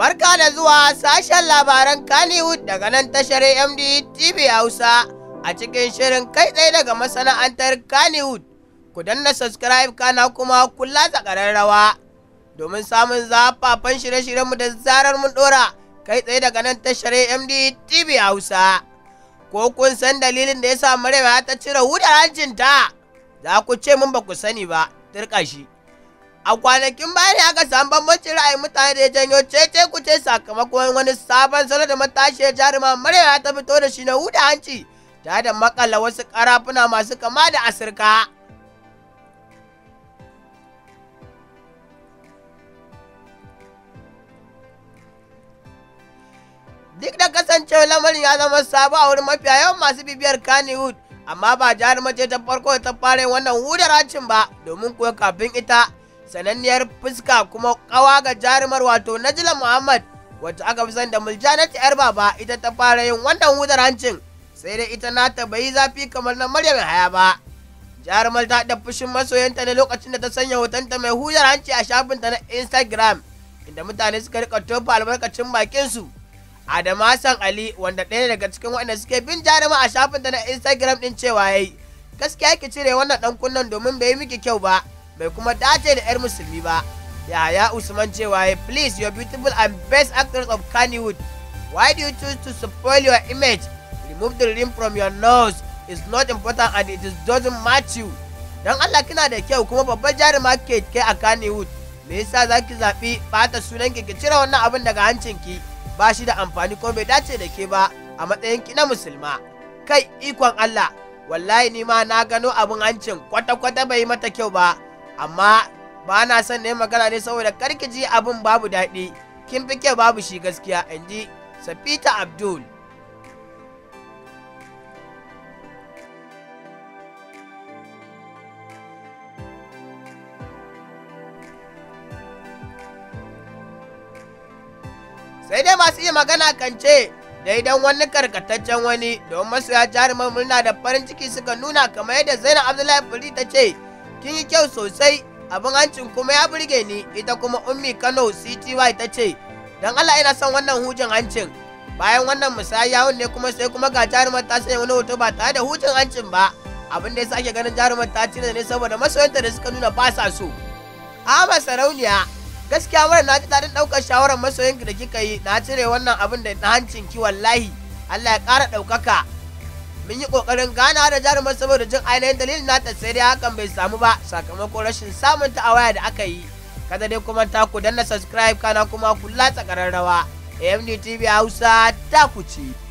Barka da zuwa sashen labaran Kannywood daga nan tashar MD TV Hausa a cikin shirin kai tsaye daga masana'antar Kannywood. Ku danna subscribe kana kuma kula da ƙararrawa domin samun zafafan shirye-shiryenmu da zarar mun ɗora kai tsaye daga nan tashar MD TV Hausa. Ko kun san dalilin da ya sa Maryam ta cire hudar hancinta? Za ku ce mun ba ku sani ba, turka shi. A kwanakin baya ne aka samu bambancin ra'ayin mutane da ya janyo cece kuce sakamakon wani sabon salo da matashi ya Maryam ta fito da shi na huda hanci tare da makalla wasu karafuna masu kama da asirka. Duk da kasancewar lamarin ya zama sabo a wurin mafiya yawan masu bibiyar Kannywood, amma ba jarumar ce ta farko ta fara wannan hudar hancin ba domin kuwa kafin ita sananniyar fuska kuma kawa ga jarumar wato najila muhammad wata aka fi da muljanat yar baba ita ta fara yin wannan hudar hancin sai dai ita nata bayi zafi kamar na maryam haya ba jarumar ta da fushin masoyanta ne lokacin da ta sanya hotonta mai hudar hanci a shafinta na instagram inda mutane suka rika tofa albarkacin bakinsu Adamu Hassan Ali wanda ɗaya daga cikin waɗanda suke bin jaruma a shafinta na Instagram ɗin cewa yayi gaskiya ki cire wannan ɗan kunnen domin bai yi miki kyau ba bai kuma dace da 'yar musulmi ba yahaya usman cewa ya please your beautiful and best actress of kannywood why do you choose to spoil your image remove the ring from your nose is not important and it doesn't match you don allah kina da kyau kuma babbar jarumar ke kai a kannywood me yasa za ki zaɓi ɓata sunan ki ki cire wannan abin daga hancinki ba shi da amfani ko bai dace da ke ba a matsayin ki na musulma kai ikon allah wallahi ni ma na gano abin hancin kwata-kwata bai mata kyau ba amma ba na son ne magana ne saboda karkiji abin babu daɗi kin fi ke babu shi gaskiya in ji sapita abdul sai dai masu iya magana kan ce idan wani karkataccen wani don ya jaruman murna da farin ciki suka nuna kamar yadda zainab abdullahi fari ta ce kin yi kyau sosai abin hancin kuma ya burge ni ita kuma ummi kano cty ta ce don allah ina son wannan hujin hancin bayan wannan misali, yawon ne kuma sai kuma ga jarumar ta sanya wani hoto ba tare da hujin hancin ba abin da ya sake ganin jarumar ta cire ne saboda masoyanta da suka nuna ba sa so ama sarauniya gaskiya wannan na ji daɗin ɗaukar shawarar masoyinki da kika yi na cire wannan abin da na hancin ki wallahi allah ya ƙara ɗaukaka mun yi kokarin gana da jarumar saboda jin ainihin dalilin ta sai dai hakan bai samu ba sakamakon rashin samun ta a waya da aka yi kada dai kuma ta ku danna subscribe kana kuma kula latsa kararrawa AMD TV Hausa ta ku ci.